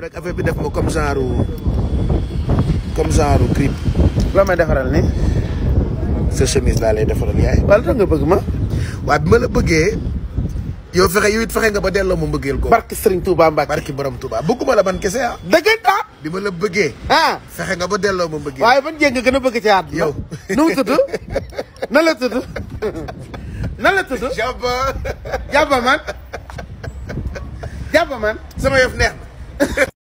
bi rek affaire bi def ma comme genre comme genre grippe. loo may defaral ni sa chemise laa lay defaral yaay. wala tax nga bëgg ma. waaw bi ma la bëggee. yow fexe yow fexe nga ba delloo ma bëggeel ko. barki Serigne Touba Mbacke. barki borom Touba bëgguma la man kese ah. dëgg ah. bi ma la bëggee. ah fexe nga ba delloo ma mbëggeel. waaye ban jéeg nga gën a bëgg ci àdduna. yow nu mu tudd la tudd nan la man jàppa man sama yëf neex